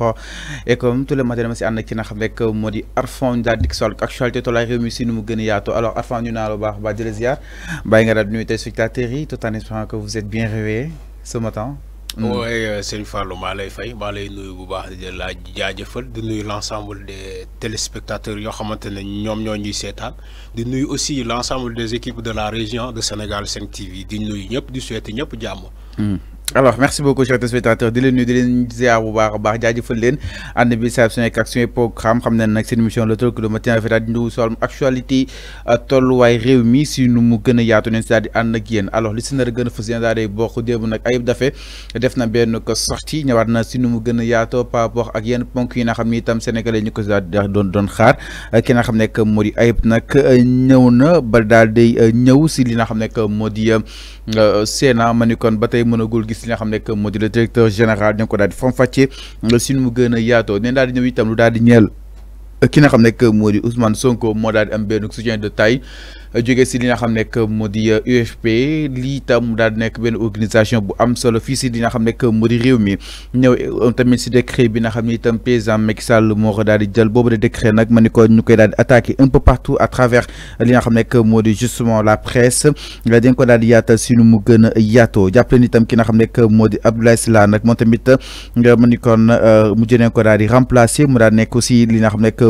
sport et comme tous les matins c'est si ànd ak ki nga xam rek moo Arfan ñu daal dikk si wàllu actualité mu alors Arfan ñu na lu baax ba di la ziar bàyyi nga daal di nuyu téléspectateurs tout en espérant que vous êtes bien réveillé ce matin. Mm. oui c'est euh, Fallou maa lay fay maa lay nuyu bu baax di la jaajëfal di nuyu l' l'ensemble des téléspectateurs yo xamante ñom ñoom ñoo ñuy seetaan de nuyu aussi l'ensemble des équipes de la région de Sénégal 5 TV di nuyu ñëpp di souhaiter ñëpp jàmm. Mm. alors merci beaucoup chers téléspectateurs di leen nuyu di leen ziar bu baax a baax jaajëfal leen ànd bi saa su nekk ak suñu programme xam ne nag seen émission le Talk du matin dafa daal di nuyu si mi si nu mu gën a yaatu nañ si daal yéen alors li si nar a gën a def na benn ko sortie ñëwaat na si nu mu gën a yaatoo par rapport ak yenn ponk yi nga xam ni itam sénégalais ñu ko si daal di doon doon euh, xam ne moo di Ayib nag euh, ñëw na ba daal di euh, ñëw si li nga xam ne moo di Sénat ma ni kon ba tey mënagul gis si nga xam le directeur général de ngi ko daal di de fàccee si nu mu gën ki n'a xam nekk moo Ousmane Sonko moo daal am benn soutien de taille djogé si li nga xam euh, nekk moo UFP li tam daal nek ben organisation bu am solo fi si li nga xam nekk moo di réew mi euh, tamit si décret bi nga xam tam itam Macky Sall mo ko daal di jël bobu de décret nak maniko ñukay ko ñu daal di attaqué un peu partout à travers li nga xam nekk moo justement la presse nga dañ ko daal di yaatal si nu mu gëna a yaatoo ni tam ki nga xam nekk moo Abdoulaye Sylla nak mo tamit nga maniko mu kon euh, ko daal di remplacer mu daal nek aussi li nga xam nekk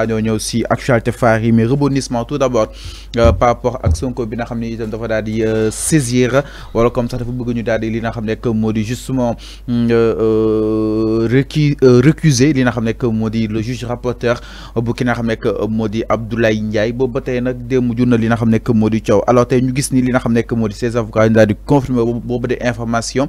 balaa ñoo ñëw actualité phare mais rebondissement tout d'abord euh, par rapport ak Sonko bi nga xam itam dafa daal euh, saisir wala comme ça dafa bëgg ñu daal li nga xamné que modi justement mm, euh, euh récuser li nga xamné que modi le juge rapporteur bu ki nga xamné que modi Abdoulaye Ndiaye bo batay nak nag démb jur na li nga xam que modi di alors tay ñu gis ni li nga xamné que modi di ses avocats ñu daal di confirmer boobu de information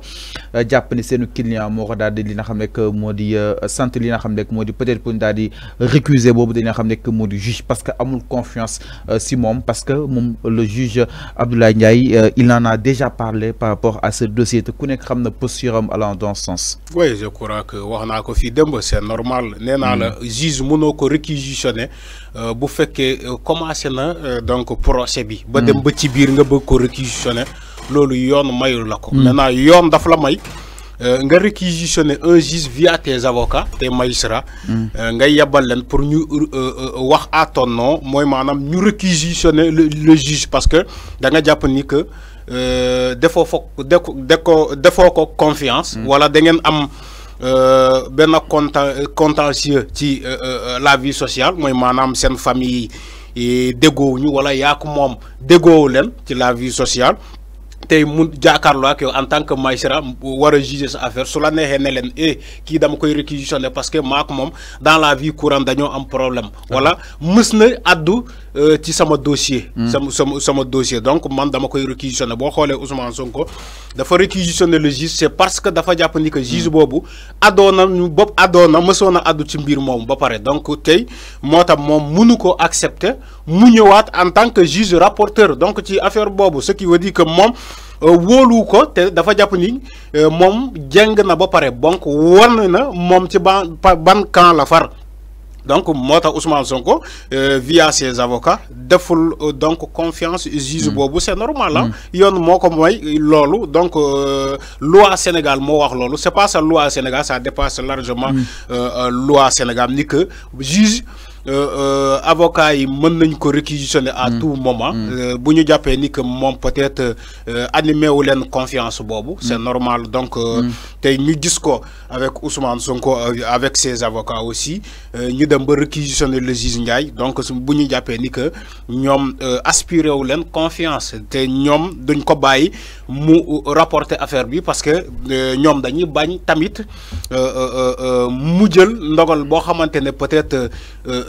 japp ni seenu client moko ko li nga xamné que modi di li nga xamné que modi peut-être pour ñu daal di récuser boobu li nga xam nekk moo juge parce que amul confiance euh, si parce que moom le juge Abdoulaye Ndiaye euh, il en a déjà parlé par rapport à ce dossier te ku xamna xam posture am allant dans ce sens. oui je crois que waxna ko fi démb c'est normal nee naa la hmm. juge mënoo ko réquisitionner euh, bu fekkee commencé na donc procès bi. ba hmm. dem ba ci bir nga bëgg ko réquisitionner loolu yoon mayul la ko. Hmm. maintenant yoon daf la may. Euh, nga réquisitionner un juge via tes avocats tes magistrats. Euh, nga yabal len pour ñu euh, wax à ton nom mooy maanaam ñu réquisitionner le juge parce que da nga japp ni que defo foog deko ko confiance. Mm. wala da ngeen am. ben contentieux ci la vie sociale moy manam sen famille yi ñu wala yaa ko moom déggoowu leen ci la vie sociale tey mu jakarlo ak yow en tant que magistrat wara juger sa affaire sou la neexee ne leen eh kii dama koy réquisitionner parce que maak mom dans la vie courante dañoo am problème wala meusna addu euh, ci sama dossier hmm. sama sama dossier donc man dama koy réquisitionner bo xolé Ousmane Sonko dafa réquisitionner le juge c'est parce que dafa japp ni que juge hmm. bobu adona ñu bopp adona mësoon a addu ci mbir mom ba paré donc tey motam mom moom ko accepter mu ñëwaat en tant que juge rapporteur donc ci affaire bobu ce qui veut dire que mom euh, wóoluwu ko te dafa jàpp ni euh, moom jàng na ba pare donc wan na moom ci ban ban la far donc moo tax Sonko euh, via ses avocats deful donc confiance juge mm. boobu c'est normal ah yoon moo ko mooy loolu donc loi Sénégal moo wax loolu c'est pas ça loi Sénégal ça dépasse largement mm. loi Sénégal ni que juge euh, euh, avocats yi meun nañ ko réquisitionner à mm. tout moment. Mm. euh, buñu jappé ni que mom peut-être euh, animé wu len confiance bobu c'est mm. normal donc. tay ñu gis ko avec Ousmane Sonko avec ses avocats aussi ñu dem ba réquisitionner le juge Ndiaye donc buñu jappé ni que euh, aspiré wu len confiance te ñom duñ ko bayyi mu rapporter affaire bi parce que ñom dañuy bañ tamit mu jël ndogal bo xamante peut-être.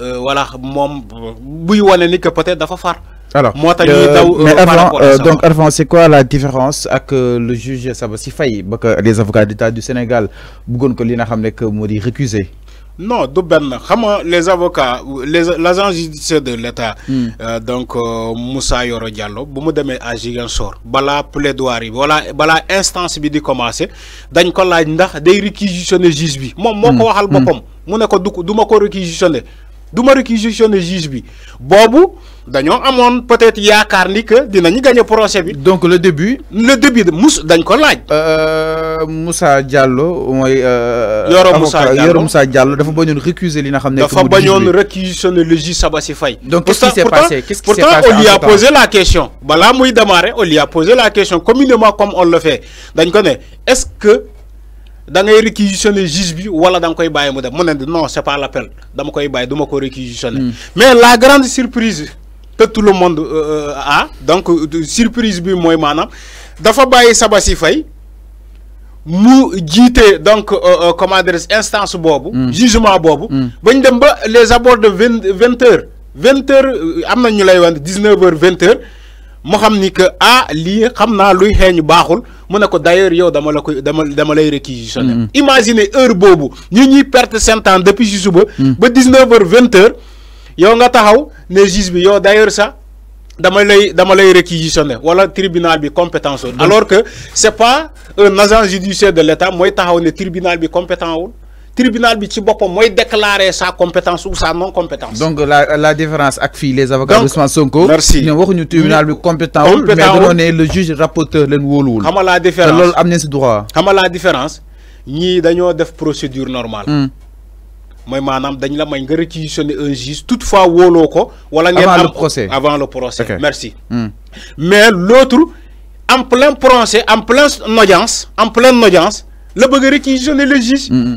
Euh, voilà mom buy wane ni que peut-être dafa far. alors euh, mais euh, avant donc avant c'est quoi la différence ak le juge Sabassi Faye parce que les avocats d'État du Sénégal bëggoon ko li nga xamné que modi di non du ben. les avocats les l'agence judiciaire de l'État. Hmm. donc Moussa Yoro Diallo bu mu demee à Ziguinchor. voilà plaidoirie voilà, wala instance bi di commencer dañ ko laaj ndax day réquisitionner juge bi. moi moo ko hmm. waxal hmm. boppam. mu ne ko du du ma ko réquisitionner duma ma réquisitionné juge bi Bobu, dañoo amone peut-être yaakaar ni que dinañu gagner procès bi. donc le début. le début mus dañ ko laaj. Euh, euh, Moussa Diallo euh Yoro Moussa Diallo Yoro Moussa Diallo dafa bañoon récuser li nga xamné ne. dafa bañoon réquisitionné le juge Sabassi donc qu'est-ce qui s'est passé qu'est-ce qui s'est passé pourtant on lui a posé la question bala muy démarrer on lui a posé la question communément comme on le fait dañ ko né est-ce que dangay ngay réquisitionner juge bi wala dang koy baye mu dem mu ne non c'est pas l'appel dama koy baye duma ko réquisitionner. Hmm. mais la grande surprise que tout le monde euh, euh, a donc euh, surprise bi moy manam dafa baye Sabassi Faye mu donc comment dire instance boobu. Hmm. jugement bobu hmm. ba ñu dem ba les abords de vingt vingt heures vingt heures ñu lay wax dix neuf heures vingt heures. Mo xam ni que ah luy xeeñu baaxul mu ne ko d'ailleurs yow dama la mm-hmm. heure nous ñi ñuy perte depuis si mm-hmm. ba dix neuf heures vingt yow nga taxaw d'ailleurs dama dama tribunal bi compétence mm-hmm. alors que c'est pas un agent judiciaire de l'État mooy taxaw ne tribunal bi compétent tribunal bi ci bopom moy déclarer sa compétence ou sa non compétence. donc la la différence ak fi les avocats d'Ousmane Sonko. merci waxu ñu tribunal bi compétent mais donné le juge rapporteur le wolul xam la différence lool amné ci droit. xam la différence ñi dañoo def procédure normale. moy hmm. manam dañ la may nga réquisitionner un juge toutefois wóoloo ko. wala avant le procès avant le procès. merci. Hmm. mais l'autre en plein procès en plein audience en pleine audience le bëgg réquisitionner le juge. Hmm,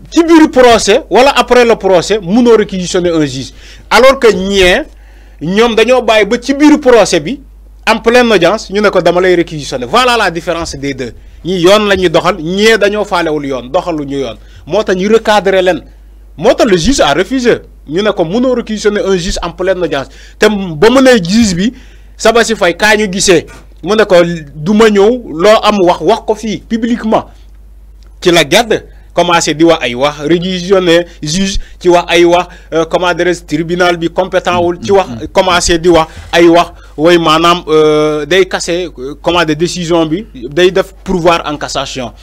ci le procès wala après le procès munoo réquisitionner un juge alors que nous, nous, dañoo ba procès en pleine audience nous avons ko voilà la différence des deux ñi fait la doxal nous avons doxalu ñu nous le juge a refusé ñu ne ko nous réquisitionner un juge en pleine audience te ba mu juge bi Faye kaa ñu mu publiquement la garde, commencé di wax ay wax juge ci wax ay wax euh, comment adresse tribunal bi compétent wul ci wax mm-hmm. commencé di wax ay wax way euh day casser euh, comment des décisions bi day def en cassation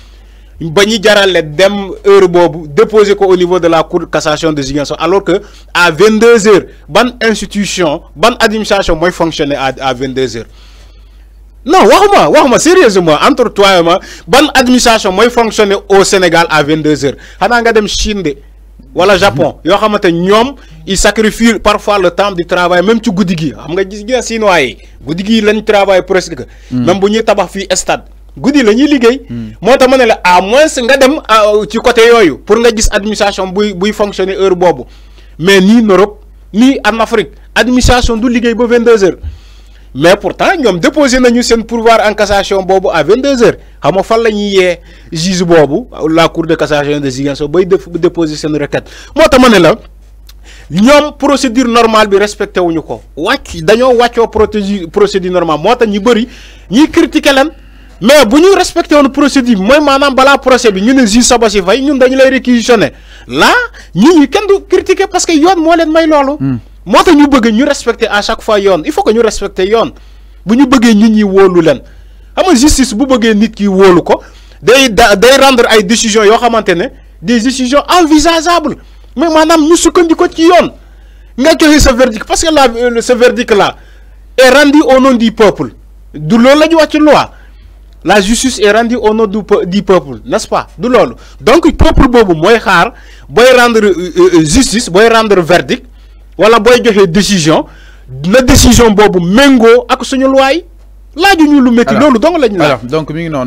Il ñu jarale dem heure bobu déposer ko au niveau de la cour de cassation de Ziguinchor alors que à 22 h ban institution ban administration moy fonctionner à à 22 h non waxuma moi sérieusement entre toi et moi ban administration mooy fonctionner au Sénégal à 22h xanaa nga dem Chine de wala Japon mhm. Yo xamante Nyom, ils sacrifient parfois le temps de travail même ci guddi gi xam nga gis nga Chinois yi gi travail presque. Mhm. même bu ñuy tabax fii stade guddi la ñuy liggéey. Mhm. moo à moins nga dem euh, ci côté yooyu pour nga gis administration buy buy fonctionner heure bobo, mais ni en Europe ni en Afrique administration du liggéey ba 22 heures. mais pourtant ñoom déposé nañu seen pourvoir en cassation boobu à 22h xam nga fan la ñuy yee juge boobu la cour de cassation de Ziguinchor bay déposé seen requête moo tax ma ne la ñoom procédure normal bi respecté wuñu ko wàcc dañoo wàccoo protégé procédure normale moo tax ñu bëri ñi critiqué leen mais bu ñu respecté woon procédure bi maanaam balaa procès bi ñu ne juge Sabassy Faye ñun dañu lay réquisitionné là ñun ñi kenn du critiqué parce que yoon moo leen may loolu. Hmm. moo tax ñu bëgg ñu respecter à chaque fois yoon il faut que ñu respecter yoon bu ñu bëggee nit ñi wóolu leen xam nga justice bu bëggee nit ki wóolu ko day day rendre ay décisions yoo xamante ne des décisions envisageables mais maanaam ñu sukkandiku ci yoon nga joxe ce verdict parce que la euh, ce verdict là est rendu au nom du peuple du loolu la ñu wax loi la justice est rendue au nom du du peuple n'est-ce pas du loolu donc peuple boobu mooy xaar booy rendre euh, euh, justice booy rendre verdict wala boy joxe décision na décision bobu mengo ak suñu loi yi laaju ñu lu métti loolu dong lañu laaj donc mi ngi